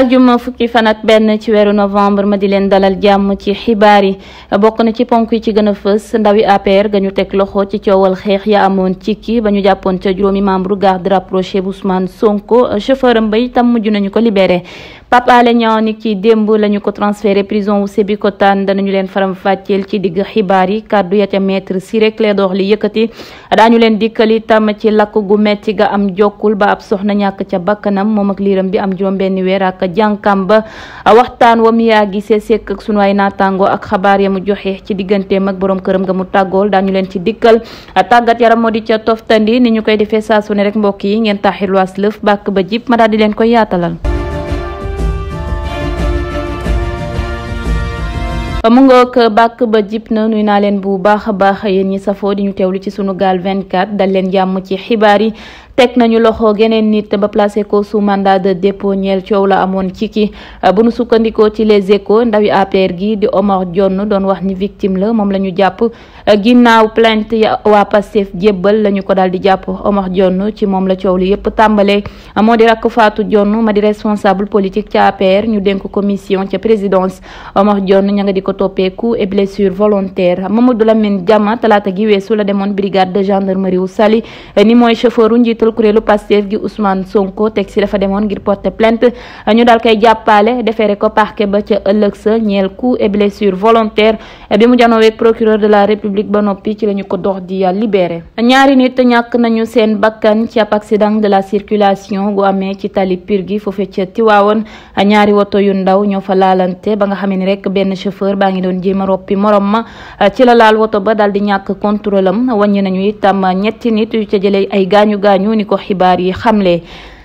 aljuma fukki fan ak benn ci weeru novembre ma di leen dalal jàmm ci xibaar yi bokk na ci ponk yi ci gën a fës ndawi APR ga ñu teg loxo ci coowal xeex ya amoon ci kii ba ñu jàppoon ca juróomi membre garde rapproché bu Ousmane Sonko chauffeur am bay tam mujj nañu ko libéré Pape Alé Niang ni ki démb la ñu ko transféré prison wu Sébikotane danañu leen faram fàcceel ci digg xibaar yi kàddu ya ca maître Ciré Clédor li yëkkati daañu leen dikkal tàmm ci lakk gu metti ga am jokkul ba ab soxna ñàkk ca bakkanam moom ak liiram bi am juróom benn weer ak jànkam ba a waxtaan wam yaa gisee sekk ak sunu ay naataango ak xabaar ya mu joxe ci digganteem ak borom këram nga mu tàggool daañu leen ci dikkal tàggat yaram moo di ca toftandi ni ñu koy defee saa su ne rek mbokk yi ngeen taaxirluwaas lëf bàkk ba jip ma daal di leen koy yaatalal mu ngoog bàkk ba jip na nuy naa leen bu baax a baax yéen ñi safoo di ñu teewlu ci sunu gaal 24 dal leen jàmm ci xibaar yi teg nañu loxo geneen nit ba placé ko sous mandat de dépôt ñeel coow la amoon ci ki bu nu sukkandikoo ci les échos ndawi APR gi di Omar Jonn doon wax ni victime la moom la ñu jàpp ginnaaw plainte ya waa Pastef jébbal la ñu ko daal di jàpp Omar Jonn ci moom la coow li yépp tàmbalee moo di rakk Fatou Jonn ma di responsable politique ca APR ñu dénk commission ca présidence Omar jon ña nga di ko toppee coup et blessure volontaire Mamadou Lamine Diama talaata gi weesu la demoon brigade de gendarmerie wu Saly ni mooy njiital kuréelu Pastef gi Ousmane Sonko teg si dafa demoon ngir ba ca ëllëg sa ñeel coup et blessure volontaire ba noppi ci la ñu ko dox di libéré ñaari nit ñàkk nañu seen bakkan ci ab accident de la circulation gu amee ci tali pir gi foofe ca Tiwaawoon ñaari woto yu ndaw ñoo fa laalante ba nga xam ne rek benn chauffeur baa ngi doon jéem a roppi morom ma ci la laal woto ba daal di ñàkk contrôle am wàññi nañu itam ñetti nit yu ca ay gaañu gaañu ni ko xibaar yi xamle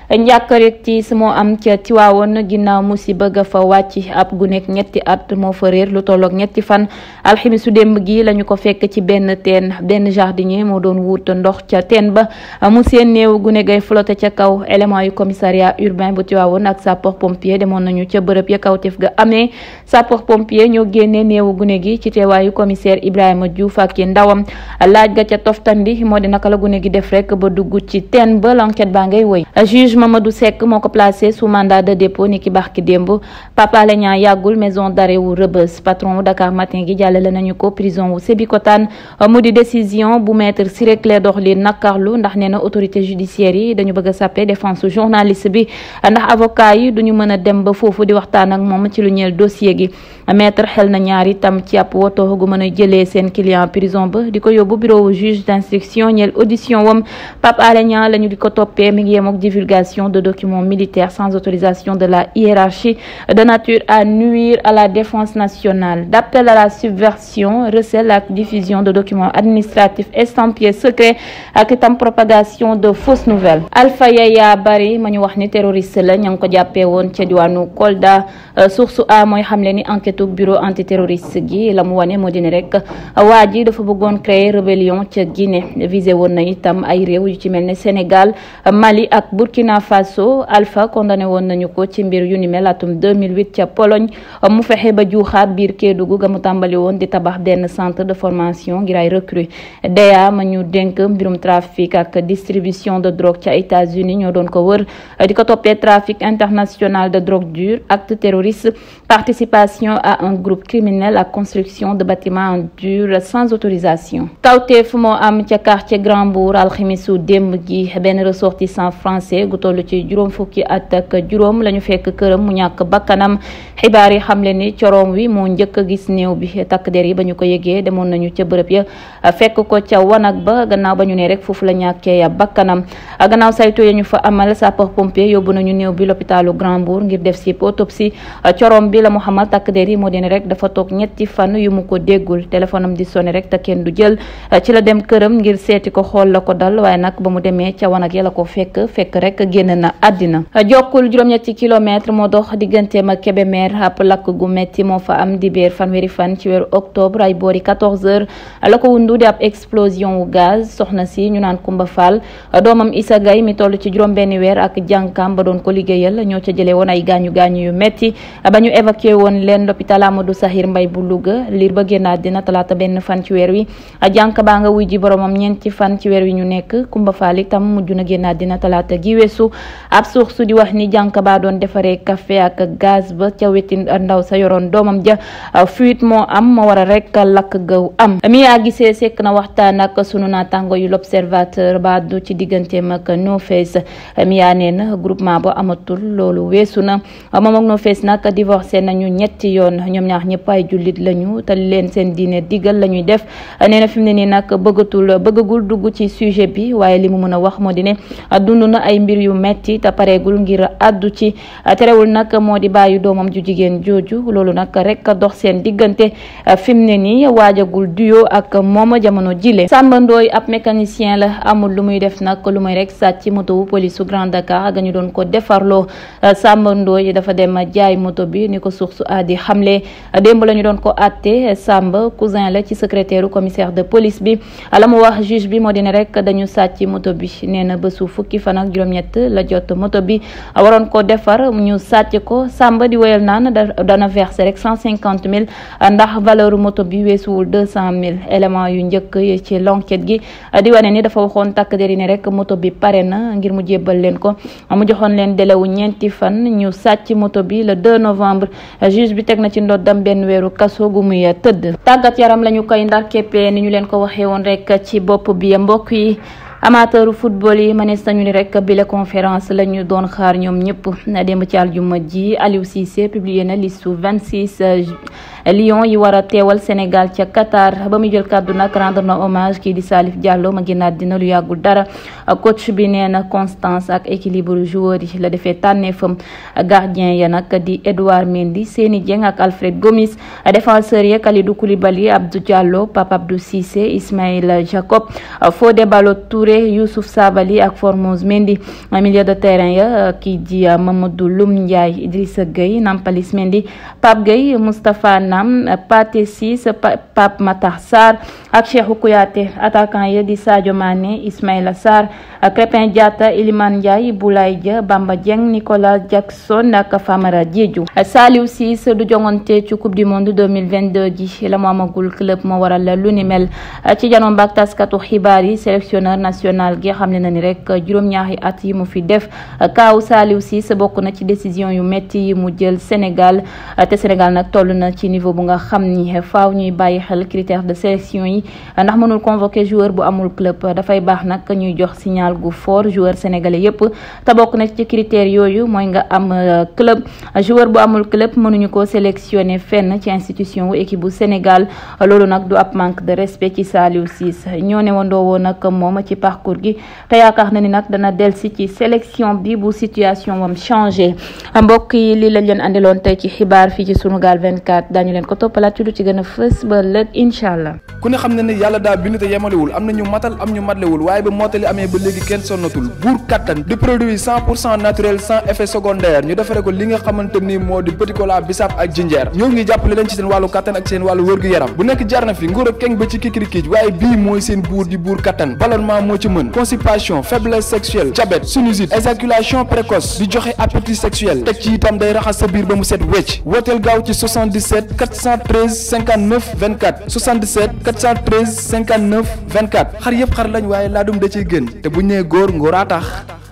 njàkkaretis moo am ca Tiwaawoon ginnaaw mu si bëgg fa wàcc ab gu nekk ñetti at moo fa réer lu tolloog ñetti fan su démb gi lañu ko fekk ci benn teen benn jardinier moo doon wut ndox ca teen ba mu seen néew gune gay flotté ca kaw élément yu commissariat urbain bu Tiwaawoon ak sapeur pompier demoon nañu ca bërëb ya kawteef ga amee sapor pompier ñoo génne néewu gune gi ci teewaayu commissaire Ibrahima Diouf ak ndawam laaj ga ca toftandi moo di la gune gi def rek ba dugg ci teen ba l'enquête baa ngay juge Mamadou Seck moo ko placé sous mandat de dépôt ni ki baax ki démb Pape Alé Niang yàggul maison d'arrêt wu Rebeuss patron wu Dakar matin gi jàllale nañu ko prison wu Sébikotane mu di décision bu maître Ciré Clédor Ly nakarlu ndax nee na autorité judiciaire yi dañu bëgg a sappe défense journaliste bi ndax avocat yi duñu mën dem ba foofu di waxtaan ak moom ci lu ñeel dossier gi maître xel na ñaar tam ci ab woto gu mën a jëlee seen client prison ba di ko yóbbu bureau juge d'instruction ñeel audition wam Pape Alé Niang la ñu di ko toppee mi ngi yem ak divulgation de documents militaires sans autorisation de la hiérarchie de nature à nuire à la défense nationale d'appel à la subversion recel la diffusion de documents administratifs estampillés secrets ak itam propagation de fausses nouvelles Alpha Yaya Barry ma ñu wax ni terroriste la ña ngi ko jàppee woon ca diwaanu Kolda euh, enquête bureau antiterroriste gi la mu wane moo di ne rek waa dafa bëggoon créer rébellion ca Guinée visé woon na itam ay réew yu ci mel ne Sénégal Mali ak Burkina Faso Alpha condamné woon nañu ko ci mbir yu ni mel atum 2008 ca Pologne mu fexe ba juuxaat biir Kédougou ga mu tàmbali woon di tabax benn centre de formation ngir ay recrue DEA ma ñu dénk mbirum trafic ak distribution de drogue ca États-Unis ñoo doon ko wër di ko toppee trafic international de drogue dure acte terroriste participation a un groupe criminel ak construction de bâtiments en dur sans autorisation kawteef moo am ca quartier Grand alximis alximisu démb gi benn ressortissant français gu toll ci juróom fukki at ak juróom la ñu fekk këram mu ñàkk bakkanam xibaar yi xamle ni corom wi moo njëkk a gis néew bi takk der yi ba ñu ko yëgee demoon nañu ca bërëb ya fekk ko ca wanag ba gannaaw ba ñu nee rek foofu la ñàkkee ya bakkanam gannaaw saytu ya ñu fa amal sapeur pompier yóbbu nañu néew bi l'hôpitalu Grand Mbour ngir def si autopsie coroom yi moo di ne rek dafa toog ñetti fan yu mu ko déggul téléphone am di sonné rek te kenn du jël eh, ci la dem këram ngir seeti ko xool la ko dal waaye nag ba mu demee ca wanag ya la ko fekk fekk rek génn na àddina eh, jokkul juróom-ñetti kilomètre moo dox digganteem ak Kébémer ab lakk gu metti moo fa am di beer weeri fan ci weeru octobre ay boori 14 heures eh, la ko wundu di ab explosion wu gaz soxna si ñu naan Kumba Fall doomam Issa Gaye mi toll ci juróom benni weer ak jànkam ba doon ko liggéeyal ñoo ca jëlee ay gaañu gaañu hôpital Amadou Sahir Mbaye bu Louga liir ba génnaat dina talaata benn fan ci weer wi jànk baa nga wuy ji boromam ñeenti fan ci weer wi ñu nekk Kumba Faal itam mujj na génnaat dina talaata gi weesu ab suux su di wax ni jànq baa doon defaree café ak gaz ba ca weti ndaw sa yoroon doomam ja fuite moo am ma war a rek lakk gaw am mi yaa gisee sekk na waxtaan ak sunu naataango yu l'observateur baa du ci digganteem ak No Face mi yaa nee na groupement ba amatul loolu weesu na moom kon ñoom ñaar ñëpp ay jullit lañu te leen seen diine digal la def nee na ne nii nag bëggatul bëggagul dugg ci sujet bi waaye li mu mën a wax moo di ne dund na ay mbir yu metti te pareegul ngir àddu ci terewul nag moo di bàyyi doomam ju jigéen jooju loolu nag rek dox seen diggante fi mu ne nii waajagul duyo ak moom a jamono jile Samba Ndoye ab mécanicien la amul lu muy def nag lu may rek sàcc moto wu police su Grand Dakar ga ñu a xamle démb la ñu doon ko àtte Samba cousin la ci secrétaire commissaire de police bi la mu wax juge bi moo di ne rek dañu sàcc moto bi nee na bésu fukki fan ak juróom-ñett la jot moto bi waroon ko defar ñu sàcc ko Samba di woyal naan dana versé rek cent cinquante mille ndax valeur moto bi weesuwul deux cent mille élément yu njëkk yi ci l'enquête gi di wane ni dafa waxoon takk de yi ne rek moto bi pare na ngir mu jébbal leen ko mu joxoon leen délai ñeenti fan ñu sàcc na ci ndoddam benn weeru kaso gu muy tëdd tàggat yaram lañu koy ndar képpee ni ñu leen ko waxee woon rek ci bopp bi mbokk yi amateuru football yi mënees nañu ni rek bi la conférence la ñu doon xaar ñoom ñëpp démb ci aljuma ji Aliou Cissé publié na listu 26 lion yi war a teewal Sénégal ca Qatar ba muy jël kàddu nag rendre na hommage kii di Salif Diallo ma génnaat dina lu yàggul dara coach bi nee na constance ak équilibre joueur yi la defee tànneefam gardien ya nag di Edouard Mendy Seny Dieng ak Alfred Gomis défenseur ya Kalidou Koulibaly Abdou Diallo Pape Abdou Cissé Ismaïla Jacob Fodé Ballo-Touré Youssouf Sabaly ak Formose Mendy milieu de terrain ya kii di Mamadou Loum Ndiaye Idrissa Gueye Nampalys Pape Gueye Moustapha Nam Pathé Ciss Pape Matar Sarr ak Cheikhou Kouyaté attaquant ya di Sadio Mané Ismaïla Sarr Crépin Diatta Iliman Ndiaye Boulaye ja Bamba Dieng Nicolas Jackson ak Famara Diédhiou Saliou Ciss du jongante ci coupe du monde 2022 ji la mu amagul club moo waral lu ni mel ci janoom baak taskatu xibaar yi sélectionneur national gi xam ne na ni rek juróom-ñaari at yi mu fi def kaaw Saliou Ciss bokk na ci décision yu metti yi mu jël Sénégal te Sénégal nag toll na ci niveau bu nga xam ni faaw ñuy bàyyi xel critère de sélection yi ndax mënul convoquer joueur bu amul club dafay baax nag ñuy jox signal gu fort joueur sénégalais yépp te bokk na ci critères yooyu mooy nga am euh, club joueur bu amul club mënuñu ko sélectionner fenn ci institution wu équipe bu Sénégal loolu nag du ab manque de respect ci Saliou Ciss ñoo ne wandoo woon nag moom ci parcours gi te yaakaar na ni nag dana delsi ci sélection bi bu situation wam changé leen ko toppalaat ci lu ci gën fës ba lëg incha allah. ku ne xam ne ne yàlla daa bind te yemalewul am na ñu matal am ñu matlewul waaye ba mottali amee ba léegi kenn sonnatul buur kattan di produit naturel sans effet secondaire ñu defare ko li nga xamante ni moo di petit cola bisaab ak jinjeer ñoo ngi jàppale leen ci seen wàllu kattan ak seen wàllu wërgu yaram bu nekk jarna fi nguur ak keng ba ci kikirikiij waaye bii mooy seen buur di buur kattan 413 59 24 77 413 59 24 xar yëpp xar lañ waaye laa laadum da ciy gën te bu ñee nee góor tax